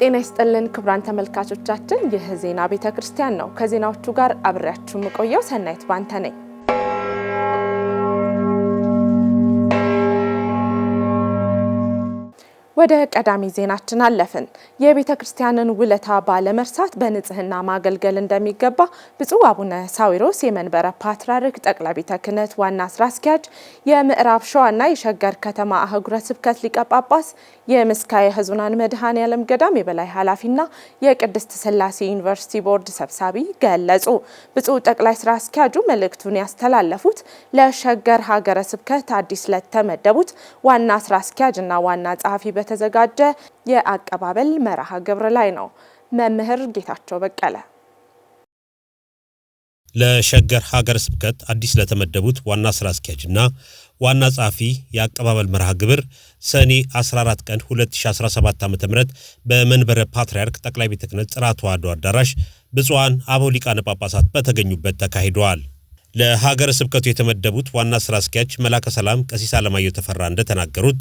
ጤና ይስጥልን ክቡራን ተመልካቾቻችን፣ ይህ ዜና ቤተ ክርስቲያን ነው። ከዜናዎቹ ጋር አብሬያችሁ የምቆየው ሰናይት ባንተ ነኝ። ወደ ቀዳሚ ዜናችን አለፍን። የቤተ ክርስቲያንን ውለታ ባለመርሳት በንጽህና ማገልገል እንደሚገባ ብፁዕ አቡነ ሳዊሮስ የመንበረ ፓትርያርክ ጠቅላይ ቤተ ክህነት ዋና ስራ አስኪያጅ፣ የምዕራብ ሸዋና የሸገር ከተማ አህጉረ ስብከት ሊቀ ጳጳስ፣ የምስካየ ኅዙናን መድኃኔ ዓለም ገዳም የበላይ ኃላፊና የቅድስት ስላሴ ዩኒቨርሲቲ ቦርድ ሰብሳቢ ገለጹ። ብፁዕ ጠቅላይ ስራ አስኪያጁ መልእክቱን ያስተላለፉት ለሸገር ሀገረ ስብከት አዲስ ለተመደቡት ዋና ስራ አስኪያጅና ዋና ጸሐፊ በተዘጋጀ የአቀባበል መርሃ ግብር ላይ ነው። መምህር ጌታቸው በቀለ ለሸገር ሀገረ ስብከት አዲስ ለተመደቡት ዋና ስራ አስኪያጅና ዋና ጸሐፊ የአቀባበል መርሃ ግብር ሰኔ 14 ቀን 2017 ዓ ም በመንበረ ፓትርያርክ ጠቅላይ ቤተ ክህነት ጽርሐ ተዋሕዶ አዳራሽ ብፁዓን አበው ሊቃነ ጳጳሳት በተገኙበት ተካሂደዋል። ለሀገረ ስብከቱ የተመደቡት ዋና ስራ አስኪያጅ መላከ ሰላም ቀሲስ አለማየሁ ተፈራ እንደተናገሩት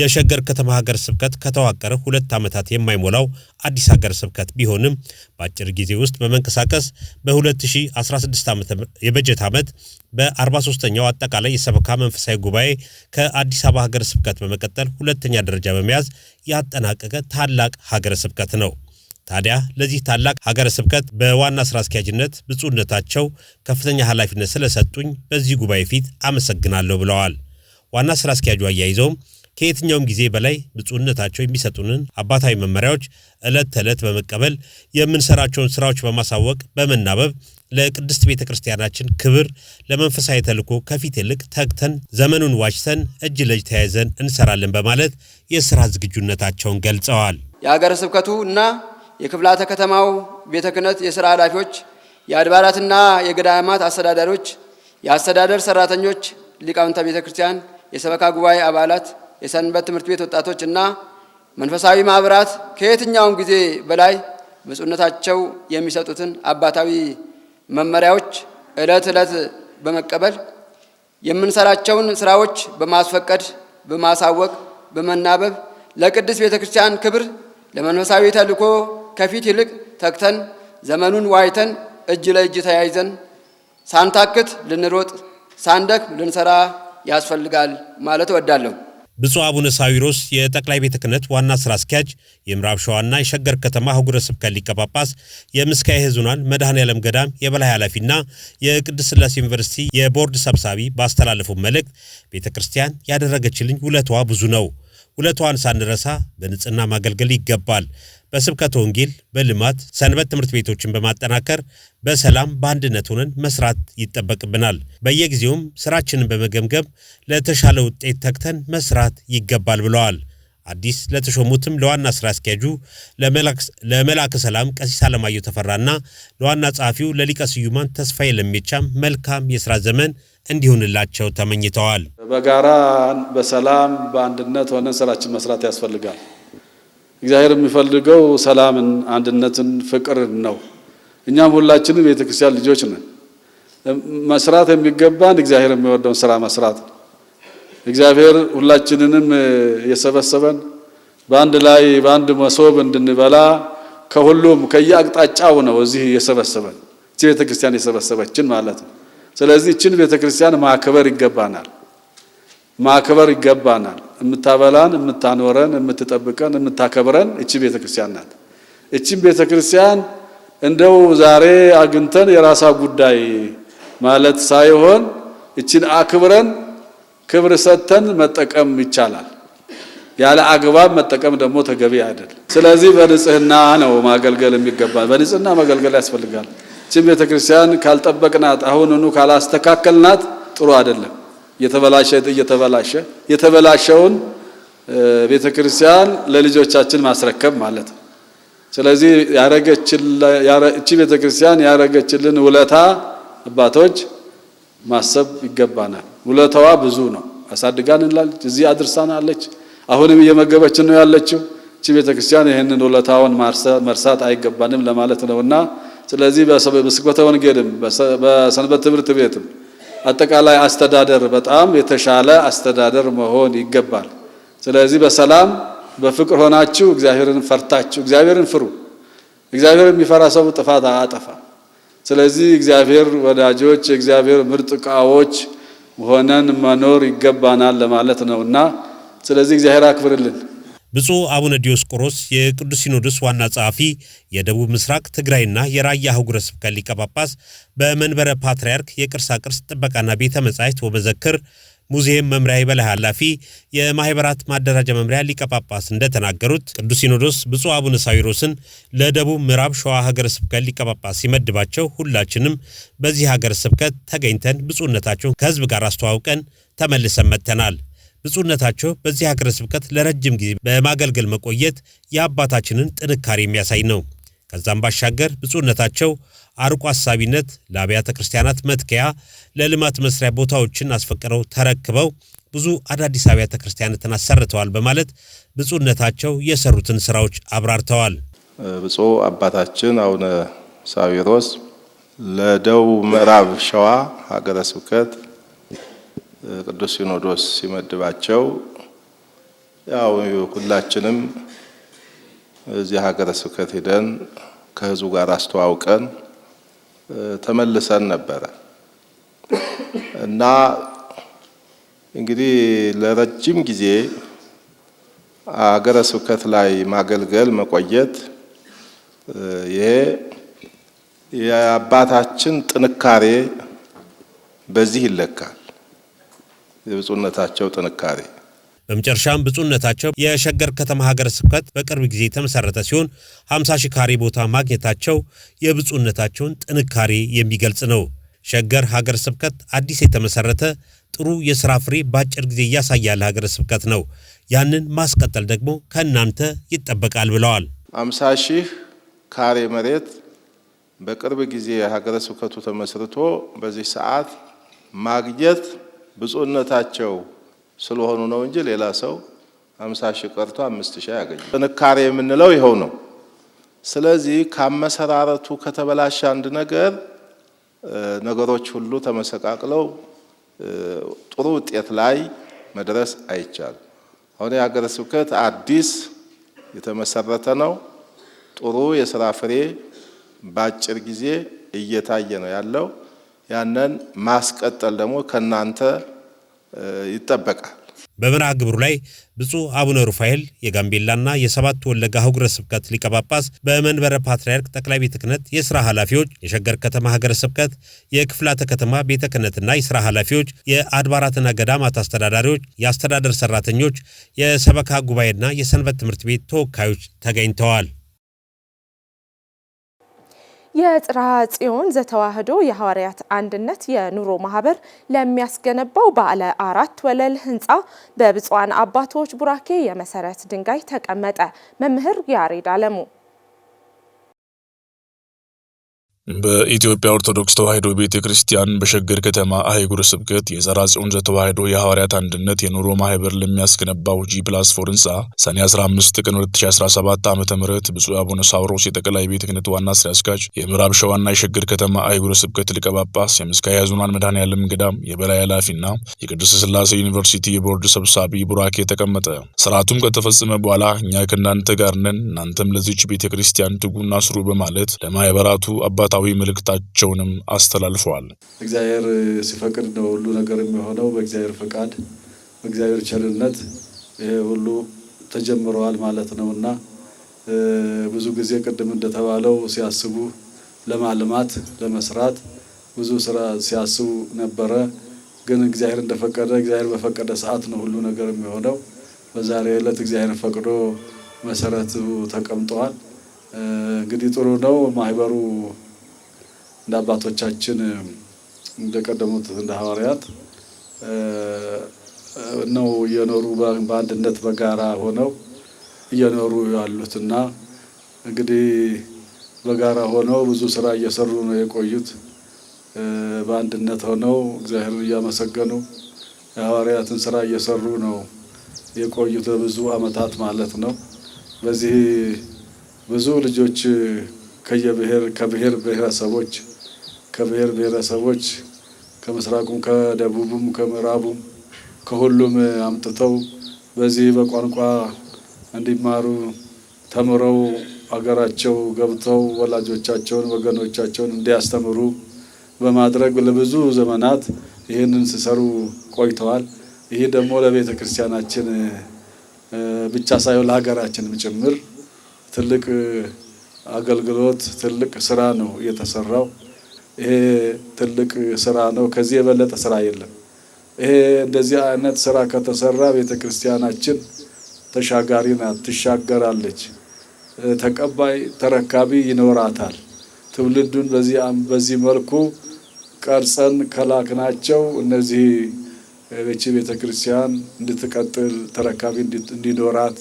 የሸገር ከተማ ሀገረ ስብከት ከተዋቀረ ሁለት ዓመታት የማይሞላው አዲስ ሀገረ ስብከት ቢሆንም በአጭር ጊዜ ውስጥ በመንቀሳቀስ በ2016 የበጀት ዓመት በ43ኛው አጠቃላይ የሰበካ መንፈሳዊ ጉባኤ ከአዲስ አበባ ሀገረ ስብከት በመቀጠል ሁለተኛ ደረጃ በመያዝ ያጠናቀቀ ታላቅ ሀገረ ስብከት ነው። ታዲያ ለዚህ ታላቅ ሀገረ ስብከት በዋና ስራ አስኪያጅነት ብፁዕነታቸው ከፍተኛ ኃላፊነት ስለሰጡኝ በዚህ ጉባኤ ፊት አመሰግናለሁ ብለዋል። ዋና ስራ አስኪያጁ አያይዘውም ከየትኛውም ጊዜ በላይ ብፁዕነታቸው የሚሰጡንን አባታዊ መመሪያዎች ዕለት ተዕለት በመቀበል የምንሰራቸውን ስራዎች በማሳወቅ በመናበብ ለቅድስት ቤተ ክርስቲያናችን ክብር፣ ለመንፈሳዊ ተልእኮ ከፊት ይልቅ ተግተን ዘመኑን ዋጅተን እጅ ለእጅ ተያይዘን እንሰራለን በማለት የስራ ዝግጁነታቸውን ገልጸዋል። የሀገረ ስብከቱ እና የክፍላተ ከተማው ቤተ ክህነት የሥራ ኃላፊዎች፣ የአድባራትና የገዳማት አስተዳዳሪዎች፣ የአስተዳደር ሰራተኞች፣ ሊቃውንተ ቤተ ክርስቲያን፣ የሰበካ ጉባኤ አባላት፣ የሰንበት ትምህርት ቤት ወጣቶች እና መንፈሳዊ ማኅበራት ከየትኛውም ጊዜ በላይ ብፁዕነታቸው የሚሰጡትን አባታዊ መመሪያዎች ዕለት ዕለት በመቀበል የምንሰራቸውን ስራዎች በማስፈቀድ በማሳወቅ በመናበብ ለቅድስት ቤተ ክርስቲያን ክብር ለመንፈሳዊ ተልእኮ ከፊት ይልቅ ተክተን ዘመኑን ዋይተን እጅ ለእጅ ተያይዘን ሳንታክት ልንሮጥ ሳንደክም ልንሰራ ያስፈልጋል ማለት እወዳለሁ። ብፁዕ አቡነ ሳዊሮስ የጠቅላይ ቤተ ክህነት ዋና ስራ አስኪያጅ፣ የምዕራብ ሸዋና የሸገር ከተማ አህጉረ ስብከት ሊቀ ጳጳስ፣ የምስካየ ኅዙናን መድኃኔ ዓለም ገዳም የበላይ ኃላፊና የቅድስት ሥላሴ ዩኒቨርሲቲ የቦርድ ሰብሳቢ ባስተላለፉ መልእክት ቤተ ክርስቲያን ያደረገችልኝ ውለቷ ብዙ ነው ሁለቷን ሳንረሳ በንጽህና ማገልገል ይገባል። በስብከት ወንጌል፣ በልማት ሰንበት ትምህርት ቤቶችን በማጠናከር በሰላም በአንድነት ሆነን መስራት ይጠበቅብናል። በየጊዜውም ስራችንን በመገምገም ለተሻለ ውጤት ተግተን መስራት ይገባል ብለዋል። አዲስ ለተሾሙትም ለዋና ስራ አስኪያጁ ለመልአከ ሰላም ቀሲስ አለማየሁ ተፈራና ለዋና ጸሐፊው ለሊቀ ስዩማን ተስፋዬ ለሜቻም መልካም የስራ ዘመን እንዲሆንላቸው ተመኝተዋል። በጋራ በሰላም በአንድነት ሆነን ስራችን መስራት ያስፈልጋል። እግዚአብሔር የሚፈልገው ሰላምን፣ አንድነትን፣ ፍቅርን ነው። እኛም ሁላችንም የቤተክርስቲያን ልጆች ነን። መስራት የሚገባን እግዚአብሔር የሚወደውን ስራ መስራት ነው። እግዚአብሔር ሁላችንንም የሰበሰበን በአንድ ላይ በአንድ መሶብ እንድንበላ ከሁሉም ከየአቅጣጫው ነው እዚህ የሰበሰበን ቤተ ክርስቲያን የሰበሰበችን ማለት ነው። ስለዚህ እችን ቤተ ክርስቲያን ማክበር ይገባናል፣ ማክበር ይገባናል። የምታበላን፣ የምታኖረን፣ የምትጠብቀን፣ የምታከብረን እቺ ቤተ ክርስቲያን ናት። እቺን ቤተ ክርስቲያን እንደው ዛሬ አግኝተን የራሳ ጉዳይ ማለት ሳይሆን እችን አክብረን ክብር ሰጥተን መጠቀም ይቻላል። ያለ አግባብ መጠቀም ደግሞ ተገቢ አይደል። ስለዚህ በንጽህና ነው ማገልገል የሚገባ። በንጽህና ማገልገል ያስፈልጋል። ችን ቤተ ክርስቲያን ካልጠበቅናት አሁንኑ ካላስተካከልናት ጥሩ አይደለም። የተበላሸ እየተበላሸ የተበላሸውን ቤተ ክርስቲያን ለልጆቻችን ማስረከብ ማለት ነው። ስለዚህ እቺ ቤተ ክርስቲያን ያረገችልን ውለታ አባቶች ማሰብ ይገባናል። ውለታዋ ብዙ ነው። አሳድጋን እንላለች፣ እዚህ አድርሳን አለች፣ አሁንም እየመገበችን ነው ያለችው። እቺ ቤተ ክርስቲያን ይህንን ውለታውን መርሳት አይገባንም ለማለት ነውና ስለዚህ በስብከተ ወንጌልም በሰንበት ትምህርት ቤትም አጠቃላይ አስተዳደር በጣም የተሻለ አስተዳደር መሆን ይገባል። ስለዚህ በሰላም በፍቅር ሆናችሁ እግዚአብሔርን ፈርታችሁ እግዚአብሔርን ፍሩ። እግዚአብሔር የሚፈራ ሰው ጥፋት አጠፋ። ስለዚህ እግዚአብሔር ወዳጆች፣ የእግዚአብሔር ምርጥ እቃዎች ሆነን መኖር ይገባናል ለማለት ነውና፣ ስለዚህ እግዚአብሔር አክብርልን። ብፁዕ አቡነ ዲዮስቆሮስ የቅዱስ ሲኖዶስ ዋና ጸሐፊ፣ የደቡብ ምስራቅ ትግራይና የራያ አህጉረ ስብከት ሊቀ ጳጳስ፣ በመንበረ ፓትርያርክ የቅርሳ ቅርስ ጥበቃና ቤተ መጻሕፍት ወመዘክር ሙዚየም መምሪያ የበላይ ኃላፊ የማህበራት ማደራጃ መምሪያ ሊቀ ጳጳስ እንደተናገሩት ቅዱስ ሲኖዶስ ብፁዕ አቡነ ሳዊሮስን ለደቡብ ምዕራብ ሸዋ ሀገረ ስብከት ሊቀ ጳጳስ ሲመድባቸው ሁላችንም በዚህ ሀገረ ስብከት ተገኝተን ብፁዕነታቸውን ከህዝብ ጋር አስተዋውቀን ተመልሰን መጥተናል። ብፁዕነታቸው በዚህ ሀገረ ስብከት ለረጅም ጊዜ በማገልገል መቆየት የአባታችንን ጥንካሬ የሚያሳይ ነው። ከዛም ባሻገር ብፁዕነታቸው አርቆ አሳቢነት ለአብያተ ክርስቲያናት መትከያ፣ ለልማት መስሪያ ቦታዎችን አስፈቅረው ተረክበው ብዙ አዳዲስ አብያተ ክርስቲያናትን አሰርተዋል በማለት ብፁዕነታቸው የሰሩትን ስራዎች አብራርተዋል። ብፁዕ አባታችን አቡነ ሳዊሮስ ለደቡብ ምዕራብ ሸዋ ሀገረ ስብከት ቅዱስ ሲኖዶስ ሲመድባቸው ያው ሁላችንም እዚህ ሀገረ ስብከት ሄደን ከህዝቡ ጋር አስተዋውቀን ተመልሰን ነበረ እና እንግዲህ ለረጅም ጊዜ ሀገረ ስብከት ላይ ማገልገል መቆየት ይሄ የአባታችን ጥንካሬ በዚህ ይለካል። የብፁዕነታቸው ጥንካሬ በመጨረሻም ብፁዕነታቸው የሸገር ከተማ ሀገረ ስብከት በቅርብ ጊዜ የተመሰረተ ሲሆን 50 ሺህ ካሬ ቦታ ማግኘታቸው የብፁዕነታቸውን ጥንካሬ የሚገልጽ ነው። ሸገር ሀገረ ስብከት አዲስ የተመሰረተ ጥሩ የሥራ ፍሬ በአጭር ጊዜ እያሳያለ ሀገረ ስብከት ነው። ያንን ማስቀጠል ደግሞ ከእናንተ ይጠበቃል ብለዋል። 50 ሺህ ካሬ መሬት በቅርብ ጊዜ ሀገረ ስብከቱ ተመስርቶ በዚህ ሰዓት ማግኘት ብፁዕነታቸው ስለሆኑ ነው እንጂ ሌላ ሰው አምሳ ሺህ ቀርቶ አምስት ሺህ ያገኝ ጥንካሬ የምንለው ይኸው ነው። ስለዚህ ከአመሰራረቱ ከተበላሸ አንድ ነገር ነገሮች ሁሉ ተመሰቃቅለው ጥሩ ውጤት ላይ መድረስ አይቻልም። አሁን የሀገረ ስብከት አዲስ የተመሰረተ ነው። ጥሩ የስራ ፍሬ በአጭር ጊዜ እየታየ ነው ያለው። ያንን ማስቀጠል ደግሞ ከእናንተ ይጠበቃል። በመርሃ ግብሩ ላይ ብፁዕ አቡነ ሩፋኤል የጋምቤላና የሰባት ወለጋ ሀገረ ስብከት ሊቀ በመንበረ ፓትርያርክ ጠቅላይ ቤተ ክህነት የስራ ኃላፊዎች፣ የሸገር ከተማ ሀገረ ስብከት የክፍላተ ከተማ ቤተ ክህነትና የስራ ኃላፊዎች፣ የአድባራትና ገዳማት አስተዳዳሪዎች፣ የአስተዳደር ሰራተኞች፣ የሰበካ ጉባኤና የሰንበት ትምህርት ቤት ተወካዮች ተገኝተዋል። የጽርሐ ጽዮን ዘተዋሕዶ የሐዋርያት አንድነት የኑሮ ማህበር ለሚያስገነባው ባለ አራት ወለል ህንፃ በብፁዓን አባቶች ቡራኬ የመሰረት ድንጋይ ተቀመጠ። መምህር ያሬድ አለሙ በኢትዮጵያ ኦርቶዶክስ ተዋሕዶ ቤተ ክርስቲያን በሸገር ከተማ አህጉረ ስብከት የዘራጽዮን ጽዮን ዘተዋሕዶ የሐዋርያት አንድነት የኑሮ ማህበር ለሚያስገነባው ጂ ፕላስ ፎር ህንፃ ሰኔ 15 ቀን 2017 ዓ ም ብፁዕ አቡነ ሳውሮስ የጠቅላይ ቤተ ክህነት ዋና ስራ አስኪያጅ፣ የምዕራብ ሸዋና የሸገር ከተማ አህጉረ ስብከት ሊቀ ጳጳስ፣ የምስካየ ኅዙናን መድኃኔዓለም ገዳም የበላይ ኃላፊና የቅድስት ሥላሴ ዩኒቨርሲቲ የቦርድ ሰብሳቢ ቡራኬ ተቀመጠ። ስርዓቱም ከተፈጸመ በኋላ እኛ ከእናንተ ጋር ነን፣ እናንተም ለዚች ቤተ ክርስቲያን ትጉና ስሩ በማለት ለማህበራቱ አባታ ወቅታዊ ምልክታቸውንም አስተላልፈዋል። እግዚአብሔር ሲፈቅድ ነው ሁሉ ነገር የሚሆነው። በእግዚአብሔር ፈቃድ፣ በእግዚአብሔር ቸርነት ይሄ ሁሉ ተጀምረዋል ማለት ነው እና ብዙ ጊዜ ቅድም እንደተባለው ሲያስቡ ለማልማት ለመስራት ብዙ ስራ ሲያስቡ ነበረ። ግን እግዚአብሔር እንደፈቀደ እግዚአብሔር በፈቀደ ሰዓት ነው ሁሉ ነገር የሚሆነው። በዛሬ ዕለት እግዚአብሔር ፈቅዶ መሰረቱ ተቀምጠዋል። እንግዲህ ጥሩ ነው ማህበሩ እንደ አባቶቻችን እንደቀደሙት እንደ ሐዋርያት ነው እየኖሩ በአንድነት በጋራ ሆነው እየኖሩ ያሉትና እንግዲህ በጋራ ሆነው ብዙ ስራ እየሰሩ ነው የቆዩት። በአንድነት ሆነው እግዚአብሔርን እያመሰገኑ የሐዋርያትን ስራ እየሰሩ ነው የቆዩት ለብዙ አመታት ማለት ነው። በዚህ ብዙ ልጆች ከየብሔር ከብሔር ብሔረሰቦች ከብሔር ብሔረሰቦች ከምስራቁም ከደቡቡም ከምዕራቡም ከሁሉም አምጥተው በዚህ በቋንቋ እንዲማሩ ተምረው አገራቸው ገብተው ወላጆቻቸውን ወገኖቻቸውን እንዲያስተምሩ በማድረግ ለብዙ ዘመናት ይህንን ሲሰሩ ቆይተዋል። ይህ ደግሞ ለቤተ ክርስቲያናችን ብቻ ሳይሆን ለሀገራችንም ጭምር ትልቅ አገልግሎት፣ ትልቅ ስራ ነው የተሰራው። ይሄ ትልቅ ስራ ነው። ከዚህ የበለጠ ስራ የለም። ይሄ እንደዚህ አይነት ስራ ከተሰራ ቤተ ክርስቲያናችን ተሻጋሪ ናት፣ ትሻገራለች። ተቀባይ ተረካቢ ይኖራታል። ትውልዱን በዚህ መልኩ ቀርጸን ከላክናቸው እነዚህ በቺ ቤተ ክርስቲያን እንድትቀጥል ተረካቢ እንዲኖራት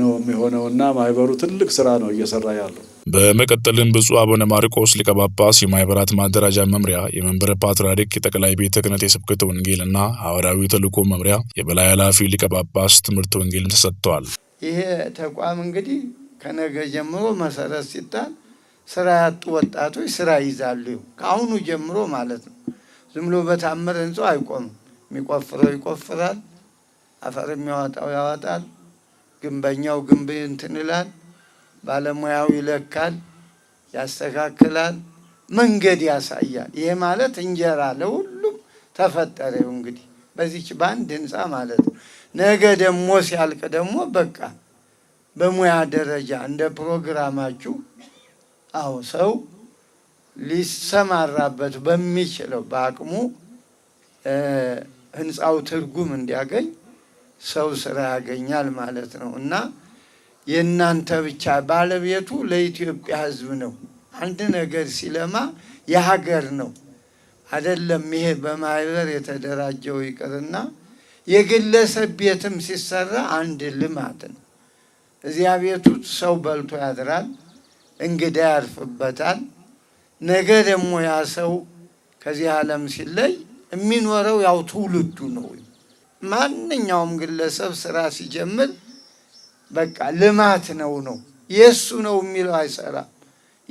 ነው የሚሆነውና ማህበሩ ትልቅ ስራ ነው እየሰራ ያለው። በመቀጠልም ብፁዕ አቡነ ማርቆስ ሊቀ ጳጳስ የማኅበራት ማደራጃ መምሪያ፣ የመንበረ ፓትርያርክ የጠቅላይ ቤተ ክህነት የስብከተ ወንጌልና ሐዋርያዊ ተልእኮ መምሪያ የበላይ ኃላፊ ሊቀ ጳጳስ ትምህርት ወንጌልን ተሰጥተዋል። ይሄ ተቋም እንግዲህ ከነገ ጀምሮ መሰረት ሲጣል ስራ ያጡ ወጣቶች ስራ ይዛሉ። ከአሁኑ ጀምሮ ማለት ነው። ዝም ብሎ በታምር ህንጻው አይቆምም። የሚቆፍረው ይቆፍራል፣ አፈር የሚያወጣው ያወጣል፣ ግንበኛው ግንብ እንትን ይላል። ባለሙያው ይለካል፣ ያስተካክላል፣ መንገድ ያሳያል። ይሄ ማለት እንጀራ ለሁሉም ተፈጠረው እንግዲህ በዚች በአንድ ህንፃ ማለት ነው። ነገ ደግሞ ሲያልቅ ደግሞ በቃ በሙያ ደረጃ እንደ ፕሮግራማችሁ አዎ ሰው ሊሰማራበት በሚችለው በአቅሙ ህንፃው ትርጉም እንዲያገኝ ሰው ስራ ያገኛል ማለት ነው እና የእናንተ ብቻ ባለቤቱ ለኢትዮጵያ ሕዝብ ነው። አንድ ነገር ሲለማ የሀገር ነው አይደለም። ይሄ በማህበር የተደራጀው ይቅርና የግለሰብ ቤትም ሲሰራ አንድ ልማት ነው። እዚያ ቤቱ ሰው በልቶ ያድራል፣ እንግዳ ያርፍበታል። ነገ ደግሞ ያ ሰው ከዚህ ዓለም ሲለይ የሚኖረው ያው ትውልዱ ነው። ማንኛውም ግለሰብ ስራ ሲጀምር በቃ ልማት ነው ነው የእሱ ነው የሚለው አይሰራም።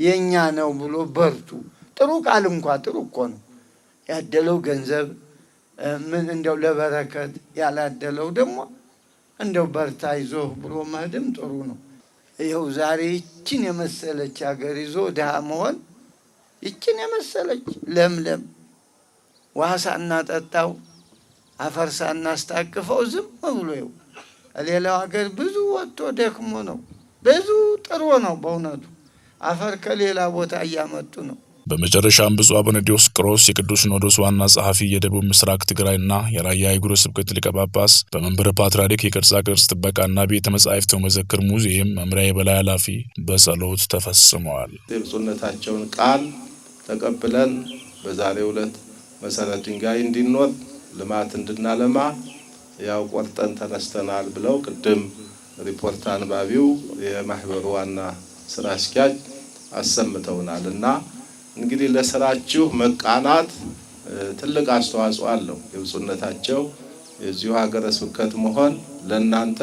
የእኛ ነው ብሎ በርቱ። ጥሩ ቃል እንኳ ጥሩ እኮ ነው ያደለው ገንዘብ ምን እንደው ለበረከት ያላደለው ደግሞ እንደው በርታ ይዞህ ብሎ መሄድም ጥሩ ነው። ይኸው ዛሬ ይችን የመሰለች ሀገር ይዞ ድሃ መሆን ይችን የመሰለች ለምለም ውሃ ሳናጠጣው አፈር ሳናስታቅፈው ዝም ብሎ ይኸው ሌላው ሀገር ብዙ ወጥቶ ደክሞ ነው። ብዙ ጥሮ ነው። በእውነቱ አፈር ከሌላ ቦታ እያመጡ ነው። በመጨረሻም ብፁዕ አቡነ ዲዮስቆሮስ የቅዱስ ሲኖዶስ ዋና ጸሐፊ፣ የደቡብ ምስራቅ ትግራይና የራያ አህጉረ ስብከት ሊቀ ጳጳስ፣ በመንበረ ፓትርያርክ የቅርጻ ቅርጽ ጥበቃና ቤተ መጻሕፍት መዘክር ሙዚየም መምሪያ የበላይ ኃላፊ በጸሎት ተፈጽመዋል። የብፁዕነታቸውን ቃል ተቀብለን በዛሬው ዕለት መሰረት ድንጋይ እንዲኖር ልማት እንድናለማ ያው ቆርጠን ተነስተናል ብለው ቅድም ሪፖርት አንባቢው የማህበሩ ዋና ስራ አስኪያጅ አሰምተውናል እና እንግዲህ ለስራችሁ መቃናት ትልቅ አስተዋጽኦ አለው። የብፁዕነታቸው የዚሁ ሀገረ ስብከት መሆን ለእናንተ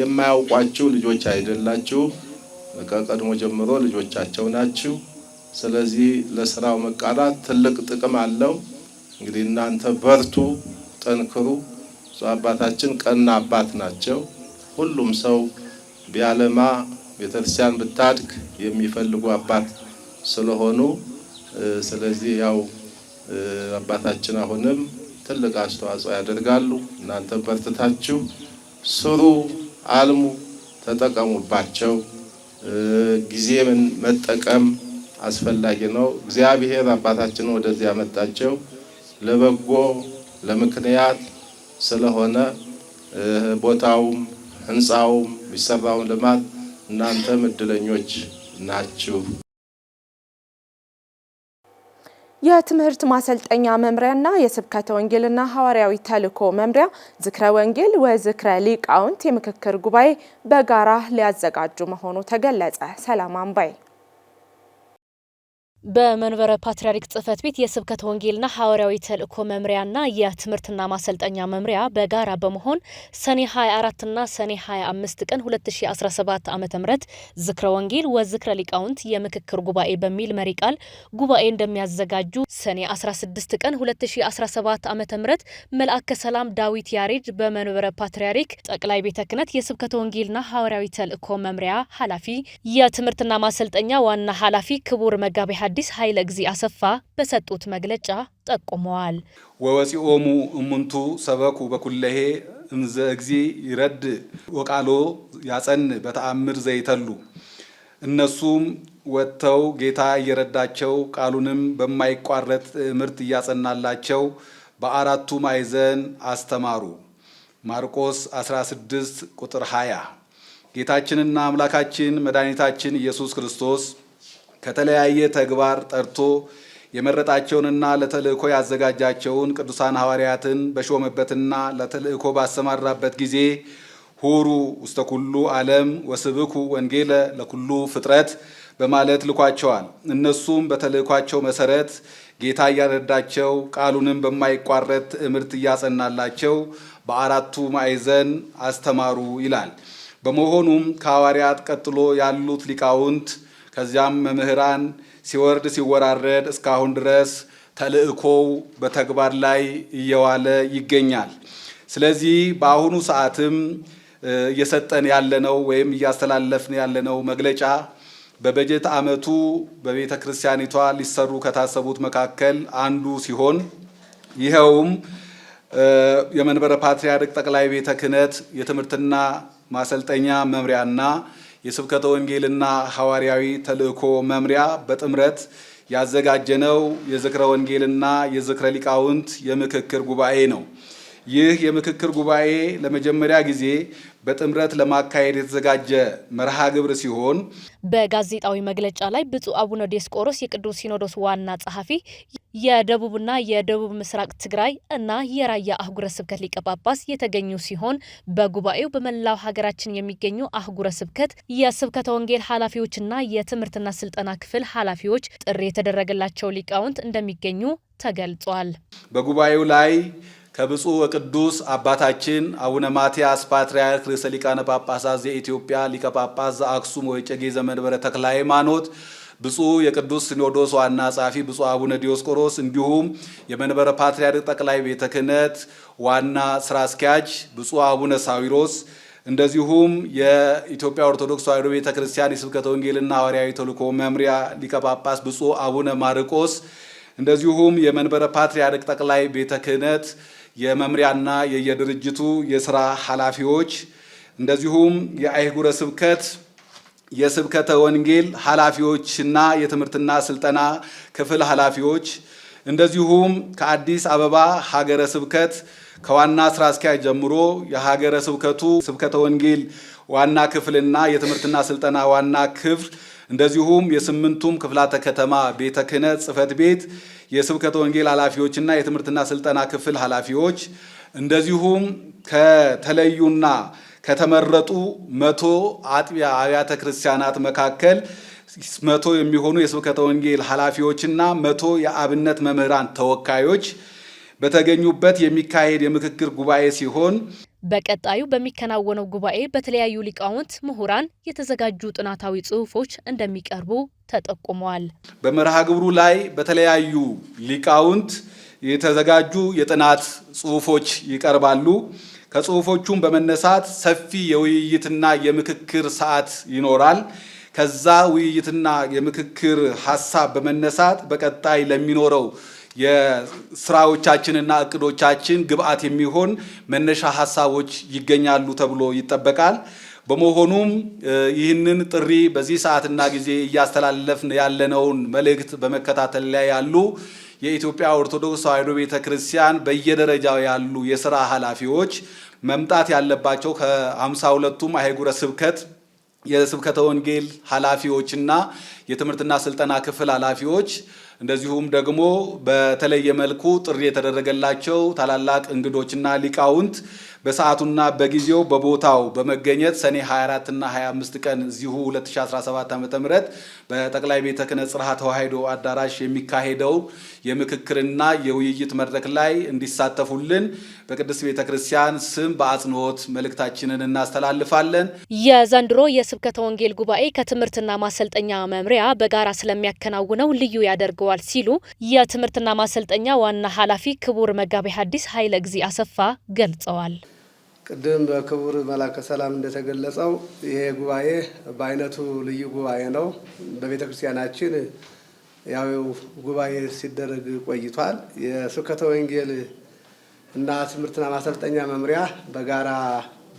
የማያውቋችሁ ልጆች አይደላችሁ፣ ከቀድሞ ጀምሮ ልጆቻቸው ናችሁ። ስለዚህ ለስራው መቃናት ትልቅ ጥቅም አለው። እንግዲህ እናንተ በርቱ፣ ጠንክሩ። አባታችን ቀና አባት ናቸው። ሁሉም ሰው ቢያለማ ቤተክርስቲያን ብታድግ የሚፈልጉ አባት ስለሆኑ ስለዚህ ያው አባታችን አሁንም ትልቅ አስተዋጽኦ ያደርጋሉ። እናንተ በርትታችሁ ስሩ፣ አልሙ፣ ተጠቀሙባቸው። ጊዜ መጠቀም አስፈላጊ ነው። እግዚአብሔር አባታችን ወደዚህ ያመጣቸው ለበጎ ለምክንያት ስለሆነ ቦታውም ህንፃውም የሚሰራውን ልማት እናንተም እድለኞች ናችሁ። የትምህርት ማሰልጠኛ መምሪያና የስብከተ ወንጌልና ሐዋርያዊ ተልእኮ መምሪያ ዝክረ ወንጌል ወዝክረ ሊቃውንት የምክክር ጉባኤ በጋራ ሊያዘጋጁ መሆኑ ተገለጸ። ሰላም በመንበረ ፓትርያርክ ጽህፈት ቤት የስብከተ ወንጌልና ሐዋርያዊ ተልእኮ መምሪያና የትምህርትና ማሰልጠኛ መምሪያ በጋራ በመሆን ሰኔ 24ና ሰኔ 25 ቀን 2017 ዓ ም ዝክረ ወንጌል ወዝክረ ሊቃውንት የምክክር ጉባኤ በሚል መሪ ቃል ጉባኤ እንደሚያዘጋጁ ሰኔ 16 ቀን 2017 ዓ ም መልአከ ሰላም ዳዊት ያሬድ በመንበረ ፓትርያርክ ጠቅላይ ቤተ ክህነት የስብከተ ወንጌልና ሐዋርያዊ ተልእኮ መምሪያ ኃላፊ የትምህርትና ማሰልጠኛ ዋና ኃላፊ ክቡር መጋቤ አዲስ ኃይለ ጊዜ አሰፋ በሰጡት መግለጫ ጠቁመዋል። ወወፂኦሙ እሙንቱ ሰበኩ በኩለሄ እምዘ እግዚ ይረድ ወቃሎ ያጸን በተአምር ዘይተሉ እነሱም ወጥተው ጌታ እየረዳቸው ቃሉንም በማይቋረጥ ምርት እያጸናላቸው በአራቱ ማዕዘን አስተማሩ። ማርቆስ 16 ቁጥር 20 ጌታችንና አምላካችን መድኃኒታችን ኢየሱስ ክርስቶስ ከተለያየ ተግባር ጠርቶ የመረጣቸውንና ለተልእኮ ያዘጋጃቸውን ቅዱሳን ሐዋርያትን በሾመበትና ለተልእኮ ባሰማራበት ጊዜ ሁሩ ውስተ ኩሉ ዓለም ወስብኩ ወንጌለ ለኩሉ ፍጥረት በማለት ልኳቸዋል። እነሱም በተልእኳቸው መሰረት ጌታ እያረዳቸው ቃሉንም በማይቋረጥ ትምህርት እያጸናላቸው በአራቱ ማዕዘን አስተማሩ ይላል። በመሆኑም ከሐዋርያት ቀጥሎ ያሉት ሊቃውንት ከዚያም መምህራን ሲወርድ ሲወራረድ እስካሁን ድረስ ተልእኮው በተግባር ላይ እየዋለ ይገኛል። ስለዚህ በአሁኑ ሰዓትም እየሰጠን ያለነው ወይም እያስተላለፍን ያለነው መግለጫ በበጀት ዓመቱ በቤተ ክርስቲያኒቷ ሊሰሩ ከታሰቡት መካከል አንዱ ሲሆን ይኸውም የመንበረ ፓትርያርክ ጠቅላይ ቤተ ክህነት የትምህርትና ማሰልጠኛ መምሪያና የስብከተ ወንጌልና ሐዋርያዊ ተልእኮ መምሪያ በጥምረት ያዘጋጀነው የዝክረ ወንጌልና የዝክረ ሊቃውንት የምክክር ጉባኤ ነው። ይህ የምክክር ጉባኤ ለመጀመሪያ ጊዜ በጥምረት ለማካሄድ የተዘጋጀ መርሃ ግብር ሲሆን በጋዜጣዊ መግለጫ ላይ ብፁዕ አቡነ ዲዮስቆሮስ የቅዱስ ሲኖዶስ ዋና ጸሐፊ የደቡብና የደቡብ ምስራቅ ትግራይ እና የራያ አህጉረ ስብከት ሊቀ ጳጳስ የተገኙ ሲሆን በጉባኤው በመላው ሀገራችን የሚገኙ አህጉረ ስብከት የስብከተ ወንጌል ኃላፊዎችና የትምህርትና ስልጠና ክፍል ኃላፊዎች ጥሪ የተደረገላቸው ሊቃውንት እንደሚገኙ ተገልጿል። በጉባኤው ላይ ከብፁዕ ወቅዱስ አባታችን አቡነ ማትያስ ፓትርያርክ ርዕሰ ሊቃነ ጳጳሳት ዘኢትዮጵያ ሊቀ ጳጳስ ዘአክሱም ወዕጨጌ ዘመንበረ ተክለ ሃይማኖት ብፁዕ የቅዱስ ሲኖዶስ ዋና ጸሐፊ ብፁዕ አቡነ ዲዮስቆሮስ እንዲሁም የመንበረ ፓትርያርክ ጠቅላይ ቤተ ክህነት ዋና ስራ አስኪያጅ ብፁዕ አቡነ ሳዊሮስ እንደዚሁም የኢትዮጵያ ኦርቶዶክስ ተዋሕዶ ቤተ ክርስቲያን የስብከተ ወንጌልና ሐዋርያዊ ተልእኮ መምሪያ ሊቀ ጳጳስ ብፁዕ አቡነ ማርቆስ እንደዚሁም የመንበረ ፓትርያርክ ጠቅላይ ቤተ ክህነት የመምሪያና የየድርጅቱ የስራ ኃላፊዎች እንደዚሁም የአህጉረ ስብከት የስብከተ ወንጌል ኃላፊዎችና የትምህርትና ስልጠና ክፍል ኃላፊዎች እንደዚሁም ከአዲስ አበባ ሀገረ ስብከት ከዋና ስራ አስኪያጅ ጀምሮ የሀገረ ስብከቱ ስብከተ ወንጌል ዋና ክፍልና የትምህርትና ስልጠና ዋና ክፍል እንደዚሁም የስምንቱም ክፍላተ ከተማ ቤተ ክህነት ጽሕፈት ቤት የስብከተ ወንጌል ኃላፊዎችና የትምህርትና ስልጠና ክፍል ኃላፊዎች እንደዚሁም ከተለዩና ከተመረጡ መቶ አጥቢያ አብያተ ክርስቲያናት መካከል መቶ የሚሆኑ የስብከተ ወንጌል ኃላፊዎችና መቶ የአብነት መምህራን ተወካዮች በተገኙበት የሚካሄድ የምክክር ጉባኤ ሲሆን በቀጣዩ በሚከናወነው ጉባኤ በተለያዩ ሊቃውንት፣ ምሁራን የተዘጋጁ ጥናታዊ ጽሁፎች እንደሚቀርቡ ተጠቁመዋል። በመርሃ ግብሩ ላይ በተለያዩ ሊቃውንት የተዘጋጁ የጥናት ጽሁፎች ይቀርባሉ። ከጽሁፎቹም በመነሳት ሰፊ የውይይትና የምክክር ሰዓት ይኖራል። ከዛ ውይይትና የምክክር ሀሳብ በመነሳት በቀጣይ ለሚኖረው የስራዎቻችንና እቅዶቻችን ግብአት የሚሆን መነሻ ሀሳቦች ይገኛሉ ተብሎ ይጠበቃል። በመሆኑም ይህንን ጥሪ በዚህ ሰዓትና ጊዜ እያስተላለፍን ያለነውን መልእክት በመከታተል ላይ ያሉ የኢትዮጵያ ኦርቶዶክስ ተዋሕዶ ቤተ ክርስቲያን በየደረጃው ያሉ የስራ ኃላፊዎች መምጣት ያለባቸው ከሃምሳ ሁለቱም አህጉረ ስብከት የስብከተ ወንጌል ኃላፊዎችና የትምህርትና ስልጠና ክፍል ኃላፊዎች እንደዚሁም ደግሞ በተለየ መልኩ ጥሪ የተደረገላቸው ታላላቅ እንግዶችና ሊቃውንት በሰዓቱና በጊዜው በቦታው በመገኘት ሰኔ 24 እና 25 ቀን እዚሁ 2017 ዓ ም በጠቅላይ ቤተ ክህነት ጽርሐ ተዋሕዶ አዳራሽ የሚካሄደው የምክክርና የውይይት መድረክ ላይ እንዲሳተፉልን በቅድስት ቤተ ክርስቲያን ስም በአጽንኦት መልእክታችንን እናስተላልፋለን። የዘንድሮ የስብከተ ወንጌል ጉባኤ ከትምህርትና ማሰልጠኛ መምሪያ በጋራ ስለሚያከናውነው ልዩ ያደርገዋል ሲሉ የትምህርትና ማሰልጠኛ ዋና ኃላፊ ክቡር መጋቤ ሐዲስ ኃይለ ጊዜ አሰፋ ገልጸዋል። ቅድም በክቡር መላከ ሰላም እንደተገለጸው ይሄ ጉባኤ በአይነቱ ልዩ ጉባኤ ነው። በቤተ ክርስቲያናችን ያው ጉባኤ ሲደረግ ቆይቷል። የስብከተ ወንጌል እና ትምህርትና ማሰልጠኛ መምሪያ በጋራ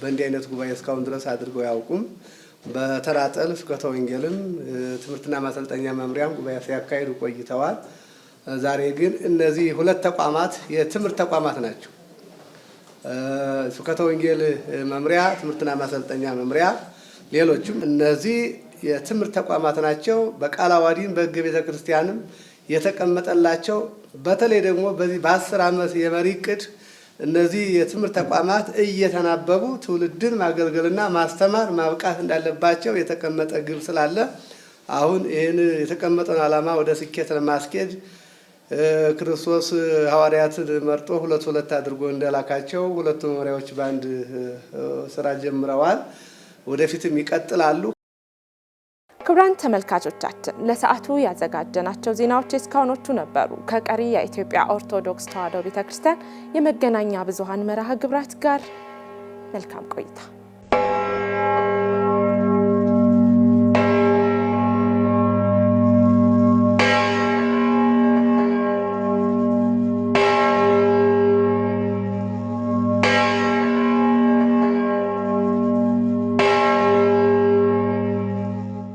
በእንዲህ አይነት ጉባኤ እስካሁን ድረስ አድርገው አያውቁም። በተራጠል ስብከተ ወንጌልም ትምህርትና ማሰልጠኛ መምሪያም ጉባኤ ሲያካሂዱ ቆይተዋል። ዛሬ ግን እነዚህ ሁለት ተቋማት የትምህርት ተቋማት ናቸው። ስብከተ ወንጌል መምሪያ፣ ትምህርትና ማሰልጠኛ መምሪያ፣ ሌሎችም እነዚህ የትምህርት ተቋማት ናቸው። በቃለ ዓዋዲም በሕገ ቤተ ክርስቲያንም የተቀመጠላቸው በተለይ ደግሞ በዚህ በአስር ዓመት የመሪ እቅድ እነዚህ የትምህርት ተቋማት እየተናበቡ ትውልድን ማገልገልና ማስተማር ማብቃት እንዳለባቸው የተቀመጠ ግብ ስላለ አሁን ይህን የተቀመጠን ዓላማ ወደ ስኬት ለማስኬድ ክርስቶስ ሐዋርያትን መርጦ ሁለት ሁለት አድርጎ እንደላካቸው ሁለቱ መሪያዎች በአንድ ስራ ጀምረዋል። ወደፊትም ይቀጥላሉ። ክቡራን ተመልካቾቻችን ለሰዓቱ ያዘጋጀናቸው ዜናዎች እስካሁኖቹ ነበሩ። ከቀሪ የኢትዮጵያ ኦርቶዶክስ ተዋሕዶ ቤተክርስቲያን የመገናኛ ብዙኃን መርሃ ግብራት ጋር መልካም ቆይታ